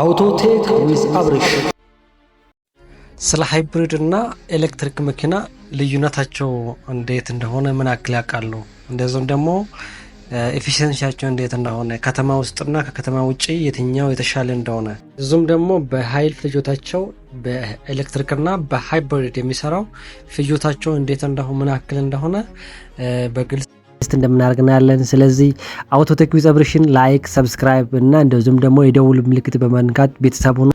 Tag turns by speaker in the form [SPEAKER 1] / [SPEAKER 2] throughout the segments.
[SPEAKER 1] አውቶቴክ ዊዝ አብሪሽ ስለ ሃይብሪድ እና ኤሌክትሪክ መኪና ልዩነታቸው እንዴት እንደሆነ ምን ያክል ያውቃሉ? እንደዚሁም ደግሞ ኤፊሽንሲያቸው እንዴት እንደሆነ ከተማ ውስጥና ከከተማ ውጭ የትኛው የተሻለ እንደሆነ እዙም ደግሞ በኃይል ፍጆታቸው በኤሌክትሪክና በሃይብሪድ የሚሰራው ፍጆታቸው እንዴት እንደሆነ ምን ያክል እንደሆነ በግልጽ ሊስት እንደምናደርግ እናያለን። ስለዚህ አውቶቴክ ዊዝ አብርሽን ላይክ፣ ሰብስክራይብ እና እንደዚሁም ደግሞ የደውል ምልክት በመንካት ቤተሰብ ሆኑ።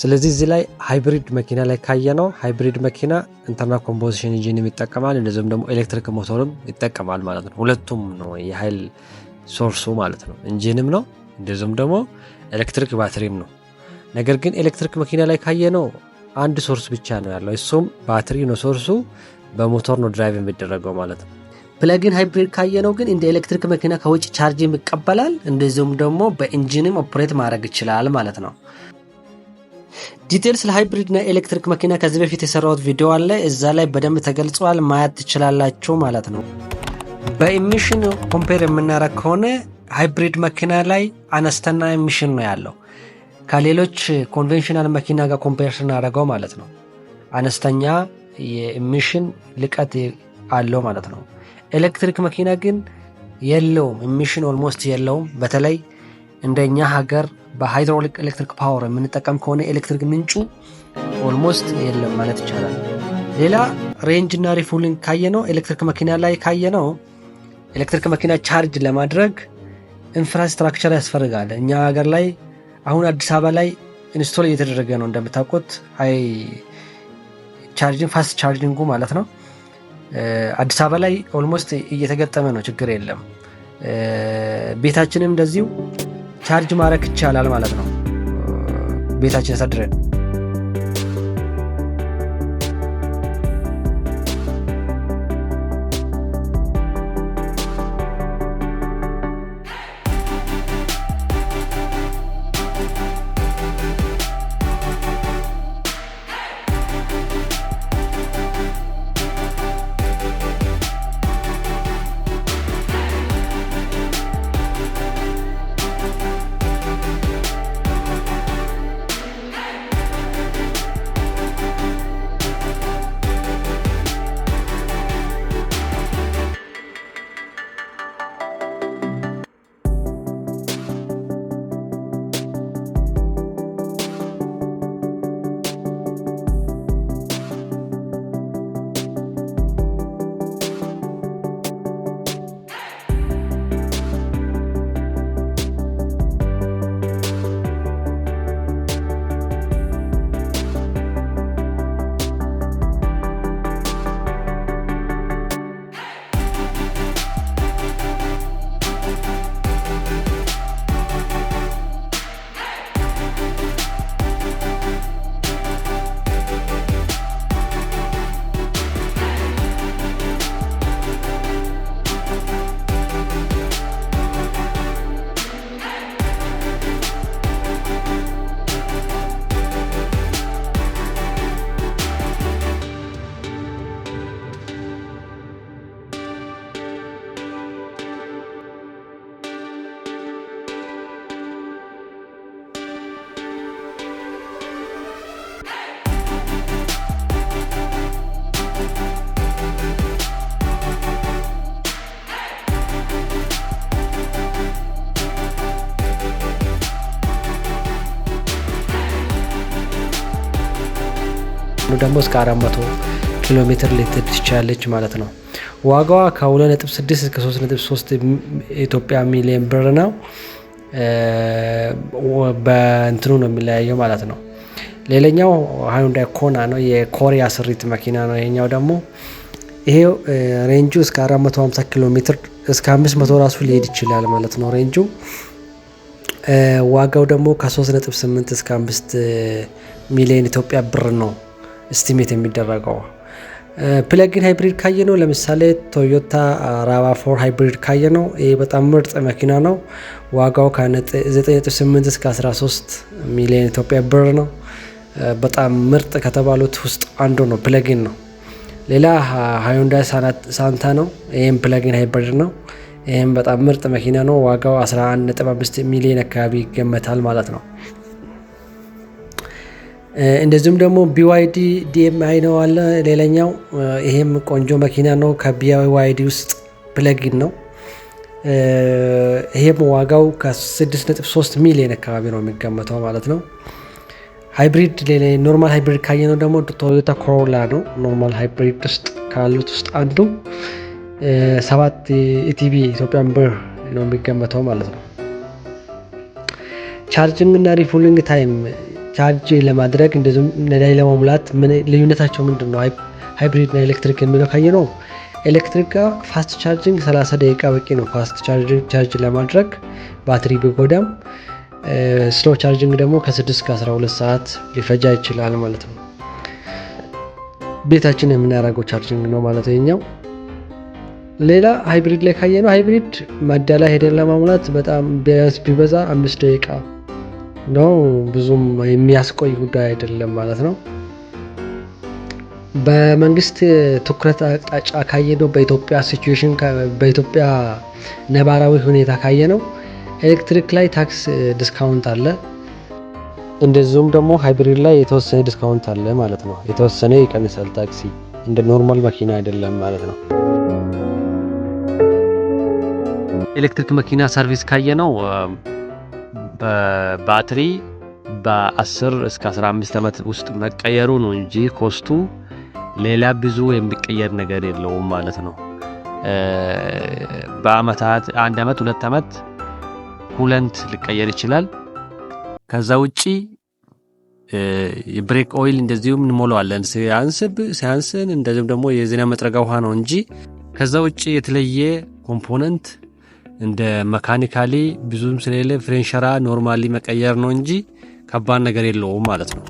[SPEAKER 1] ስለዚህ እዚህ ላይ ሃይብሪድ መኪና ላይ ካየ ነው ሃይብሪድ መኪና ኢንተርናል ኮምቦዚሽን ኢንጂንም ይጠቀማል፣ እንደዚሁም ደግሞ ኤሌክትሪክ ሞተርም ይጠቀማል ማለት ነው። ሁለቱም ነው የሀይል ሶርሱ ማለት ነው። ኢንጂንም ነው እንደዚሁም ደግሞ ኤሌክትሪክ ባትሪም ነው። ነገር ግን ኤሌክትሪክ መኪና ላይ ካየ ነው አንድ ሶርስ ብቻ ነው ያለው፣ እሱም ባትሪ ነው ሶርሱ። በሞተር ነው ድራይቭ የሚደረገው ማለት ነው። ፕለግን ሃይብሪድ ካየነው ግን እንደ ኤሌክትሪክ መኪና ከውጭ ቻርጅም ይቀበላል፣ እንደዚሁም ደግሞ በኢንጂንም ኦፕሬት ማድረግ ይችላል ማለት ነው። ዲቴል ስለ ና ኤሌክትሪክ መኪና ከዚህ በፊት የሰራሁት ቪዲዮ አለ። እዛ ላይ በደንብ ተገልጿል፣ ማየት ትችላላችሁ ማለት ነው። በኢሚሽን ኮምፔር የምናደረግ ከሆነ ሃይብሪድ መኪና ላይ አነስተና ኢሚሽን ነው ያለው ከሌሎች ኮንቬንሽናል መኪና ጋር ኮምፔር ስናደረገው ማለት ነው። አነስተኛ የኢሚሽን ልቀት አለው ማለት ነው። ኤሌክትሪክ መኪና ግን የለውም፣ ኢሚሽን ኦልሞስት የለውም። በተለይ እንደኛ ሀገር በሃይድሮሊክ ኤሌክትሪክ ፓወር የምንጠቀም ከሆነ ኤሌክትሪክ ምንጩ ኦልሞስት የለም ማለት ይቻላል። ሌላ ሬንጅ እና ሪፉሊንግ ካየነው ኤሌክትሪክ መኪና ላይ ካየነው ኤሌክትሪክ መኪና ቻርጅ ለማድረግ ኢንፍራስትራክቸር ያስፈልጋል። እኛ ሀገር ላይ አሁን አዲስ አበባ ላይ ኢንስቶል እየተደረገ ነው እንደምታውቁት አይ ቻርጅንግ ፋስት ቻርጅንጉ ማለት ነው። አዲስ አበባ ላይ ኦልሞስት እየተገጠመ ነው፣ ችግር የለም። ቤታችንም እንደዚሁ ቻርጅ ማድረግ ይቻላል ማለት ነው። ቤታችን አሳድረን ነው ደግሞ እስከ 400 ኪሎ ሜትር ልትሄድ ትችላለች ማለት ነው። ዋጋዋ ከ2.6 እስከ 3.3 ኢትዮጵያ ሚሊዮን ብር ነው። በእንትኑ ነው የሚለያየው ማለት ነው። ሌላኛው ሃዩንዳይ ኮና ነው፣ የኮሪያ ስሪት መኪና ነው። ይሄኛው ደግሞ ይሄ ሬንጁ እስከ 450 ኪሎ ሜትር እስከ 500 ራሱ ሊሄድ ይችላል ማለት ነው ሬንጁ። ዋጋው ደግሞ ከ3.8 እስከ 5 ሚሊዮን ኢትዮጵያ ብር ነው። ስቲሜት የሚደረገው። ፕለጊን ሃይብሪድ ካየ ነው ለምሳሌ ቶዮታ ራቫ ፎር ሃይብሪድ ካየ ነው ይህ በጣም ምርጥ መኪና ነው። ዋጋው ከ98 እስከ 13 ሚሊዮን ኢትዮጵያ ብር ነው። በጣም ምርጥ ከተባሉት ውስጥ አንዱ ነው፣ ፕለጊን ነው። ሌላ ሃዩንዳይ ሳንታ ነው። ይህም ፕለጊን ሃይብሪድ ነው። ይህም በጣም ምርጥ መኪና ነው። ዋጋው 11.5 ሚሊዮን አካባቢ ይገመታል ማለት ነው። እንደዚሁም ደግሞ ቢዋይዲ ዲኤምአይ ነው አለ ሌላኛው። ይሄም ቆንጆ መኪና ነው። ከቢዋይዲ ውስጥ ፕለጊን ነው። ይሄም ዋጋው ከ6.3 ሚሊዮን አካባቢ ነው የሚገመተው ማለት ነው። ሃይብሪድ ኖርማል ሃይብሪድ ካየነው ደግሞ ቶዮታ ኮሮላ ነው። ኖርማል ሃይብሪድ ውስጥ ካሉት ውስጥ አንዱ ሰባት ኢቲቪ ኢትዮጵያን ብር ነው የሚገመተው ማለት ነው። ቻርጅንግ እና ሪፉሊንግ ታይም ቻርጅ ለማድረግ እንደዚሁም ነዳጅ ለመሙላት ልዩነታቸው ምንድን ነው? ሃይብሪድ ሃይብሪድና ኤሌክትሪክ የሚለው ካየ ነው ኤሌክትሪክ ጋር ፋስት ቻርጅንግ 30 ደቂቃ በቂ ነው ፋስት ቻርጅንግ ቻርጅ ለማድረግ ባትሪ ቢጎዳም፣ ስሎ ቻርጅንግ ደግሞ ከ6 እስከ 12 ሰዓት ሊፈጃ ይችላል ማለት ነው። ቤታችን የምናደርገው ቻርጅንግ ነው ማለት የኛው። ሌላ ሃይብሪድ ላይ ካየ ነው ሃይብሪድ ማዳ ላይ ሄደን ለማሙላት በጣም ቢያንስ ቢበዛ አምስት ደቂቃ ነው ብዙም የሚያስቆይ ጉዳይ አይደለም ማለት ነው። በመንግስት ትኩረት አቅጣጫ ካየ ነው በኢትዮጵያ ሲቹዌሽን በኢትዮጵያ ነባራዊ ሁኔታ ካየ ነው ኤሌክትሪክ ላይ ታክስ ዲስካውንት አለ። እንደዚሁም ደግሞ ሃይብሪድ ላይ የተወሰነ ዲስካውንት አለ ማለት ነው። የተወሰነ ይቀንሳል ታክሲ እንደ ኖርማል መኪና አይደለም ማለት ነው።
[SPEAKER 2] ኤሌክትሪክ መኪና ሰርቪስ ካየ ነው በባትሪ በ10 እስከ 15 ዓመት ውስጥ መቀየሩ ነው እንጂ ኮስቱ ሌላ ብዙ የሚቀየር ነገር የለውም ማለት ነው። በአመታት አንድ አመት ሁለት አመት ሁለንት ሊቀየር ይችላል። ከዛ ውጪ የብሬክ ኦይል እንደዚሁም እንሞላዋለን ሲያንስብ ሲያንስን እንደዚሁም ደግሞ የዜና መጥረጋ ውሃ ነው እንጂ ከዛ ውጪ የተለየ ኮምፖነንት እንደ መካኒካሊ ብዙም ስለሌለ ፍሬንሸራ ኖርማሊ መቀየር ነው እንጂ ከባድ ነገር የለውም ማለት ነው።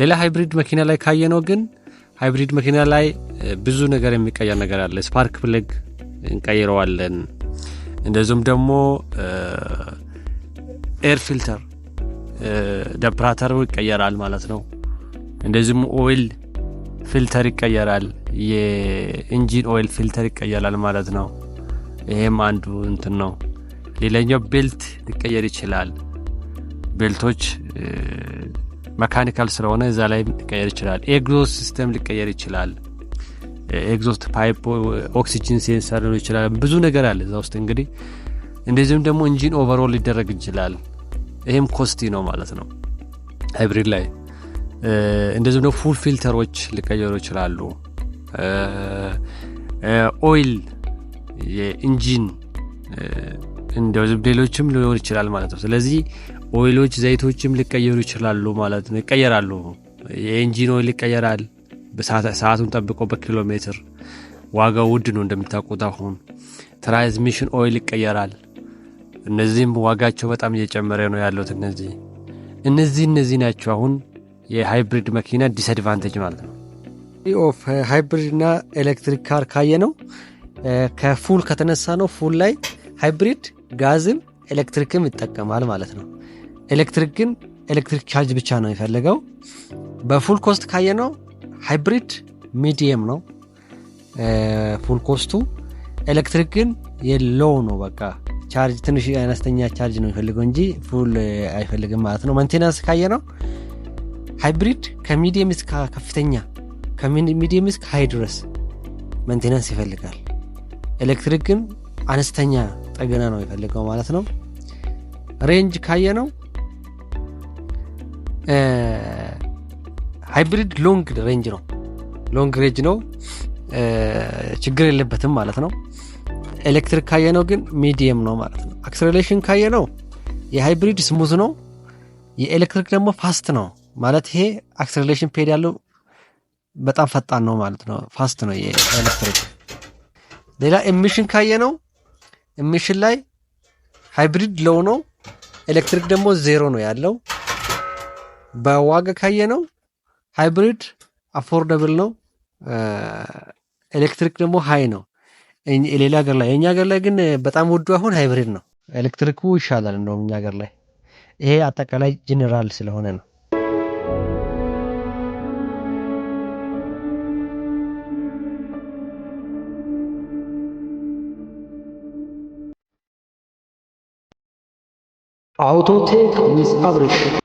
[SPEAKER 2] ሌላ ሃይብሪድ መኪና ላይ ካየ ነው ግን ሃይብሪድ መኪና ላይ ብዙ ነገር የሚቀየር ነገር አለ። ስፓርክ ፕለግ እንቀይረዋለን። እንደዚሁም ደግሞ ኤር ፊልተር ደፕራተሩ ይቀየራል ማለት ነው። እንደዚሁም ኦይል ፊልተር ይቀየራል። የኢንጂን ኦይል ፊልተር ይቀየራል ማለት ነው። ይሄም አንዱ እንትን ነው። ሌላኛው ቤልት ሊቀየር ይችላል። ቤልቶች መካኒካል ስለሆነ እዛ ላይ ሊቀየር ይችላል። ኤግዞስት ሲስተም ሊቀየር ይችላል። ኤግዞስት ፓይፕ፣ ኦክሲጅን ሴንሰር ሊሆን ይችላል። ብዙ ነገር አለ እዛ ውስጥ እንግዲህ። እንደዚሁም ደግሞ ኢንጂን ኦቨሮል ሊደረግ ይችላል። ይህም ኮስቲ ነው ማለት ነው ሃይብሪድ ላይ። እንደዚሁም ደግሞ ፉል ፊልተሮች ሊቀየሩ ይችላሉ። ኦይል የኢንጂን እንደው ሌሎችም ሊሆን ይችላል ማለት ነው። ስለዚህ ኦይሎች፣ ዘይቶችም ሊቀየሩ ይችላሉ ማለት ነው። ይቀየራሉ። የኢንጂን ኦይል ይቀየራል ሰዓቱን ጠብቆ በኪሎ ሜትር። ዋጋው ውድ ነው እንደምታውቁት። አሁን ትራንስሚሽን ኦይል ይቀየራል። እነዚህም ዋጋቸው በጣም እየጨመረ ነው ያሉት። እነዚህ እነዚህ እነዚህ ናቸው አሁን የሃይብሪድ መኪና ዲስአድቫንቴጅ ማለት ነው ኦፍ ሃይብሪድ ና ኤሌክትሪክ ካር ካየ ነው ከፉል ከተነሳ ነው። ፉል ላይ ሃይብሪድ ጋዝም ኤሌክትሪክም ይጠቀማል ማለት ነው። ኤሌክትሪክ ግን ኤሌክትሪክ ቻርጅ ብቻ ነው የሚፈልገው። በፉል ኮስት ካየ ነው ሃይብሪድ ሚዲየም ነው ፉል ኮስቱ። ኤሌክትሪክ ግን የሎው ነው በቃ ቻርጅ ትንሽ አነስተኛ ቻርጅ ነው የፈልገው እንጂ ፉል አይፈልግም ማለት ነው። መንቴናንስ ካየ ነው ሃይብሪድ ከሚዲየም እስከ ከፍተኛ ከሚዲየም እስከ ሃይ ድረስ መንቴናንስ ይፈልጋል። ኤሌክትሪክ ግን አነስተኛ ጠገና ነው የፈልገው ማለት ነው። ሬንጅ ካየ ነው ሃይብሪድ ሎንግ ሬንጅ ነው ሎንግ ሬንጅ ነው ችግር የለበትም ማለት ነው። ኤሌክትሪክ ካየ ነው ግን ሚዲየም ነው ማለት ነው። አክስሬሌሽን ካየ ነው የሃይብሪድ ስሙዝ ነው፣ የኤሌክትሪክ ደግሞ ፋስት ነው ማለት ይሄ አክስሬሌሽን ፔድ ያለው በጣም ፈጣን ነው ማለት ነው። ፋስት ነው የኤሌክትሪክ ሌላ ኤሚሽን ካየ ነው ኤሚሽን ላይ ሃይብሪድ ሎው ነው። ኤሌክትሪክ ደግሞ ዜሮ ነው ያለው። በዋጋ ካየ ነው ሃይብሪድ አፎርደብል ነው፣ ኤሌክትሪክ ደግሞ ሀይ ነው። ሌላ ሀገር ላይ የእኛ ሀገር ላይ ግን በጣም ውዱ አሁን ሃይብሪድ ነው። ኤሌክትሪኩ ይሻላል እንደውም እኛ ሀገር ላይ። ይሄ አጠቃላይ ጄኔራል ስለሆነ ነው። take, with everything.